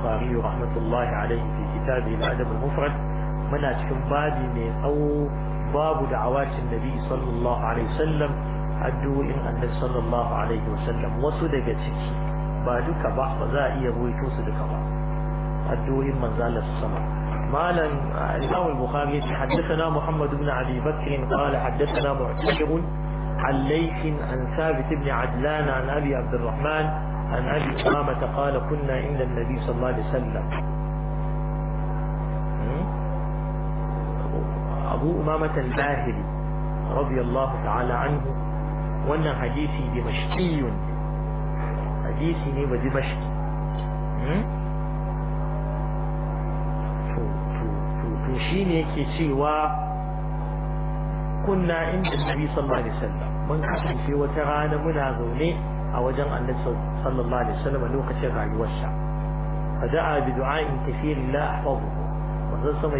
البخاري رحمة الله عليه في كتابه الأدب المفرد من أتكم بابي من أو باب دعوات النبي صلى الله عليه وسلم أدو إن النبي صلى الله عليه وسلم وصدق تكي بعدك بعض ذائي رويتو صدق بعض أدو إن من ذال السماء مالا الإمام البخاري حدثنا محمد بن علي بكر قال حدثنا معتشر عن ليث عن ثابت بن عدلان عن أبي عبد الرحمن عن أبي أمامة قال كنا عند النبي صلى الله عليه وسلم أبو أمامة الباهلي رضي الله تعالى عنه وأن حديثي دمشقي حديثي ودمشقي to كي سوى كنا عند النبي صلى الله عليه وسلم من mun في وترانا منا muna a wajen annabi sallallahu alaihi wasallam lokacin rayuwarsa fada'a bi du'a'in kathir la ahfazu wannan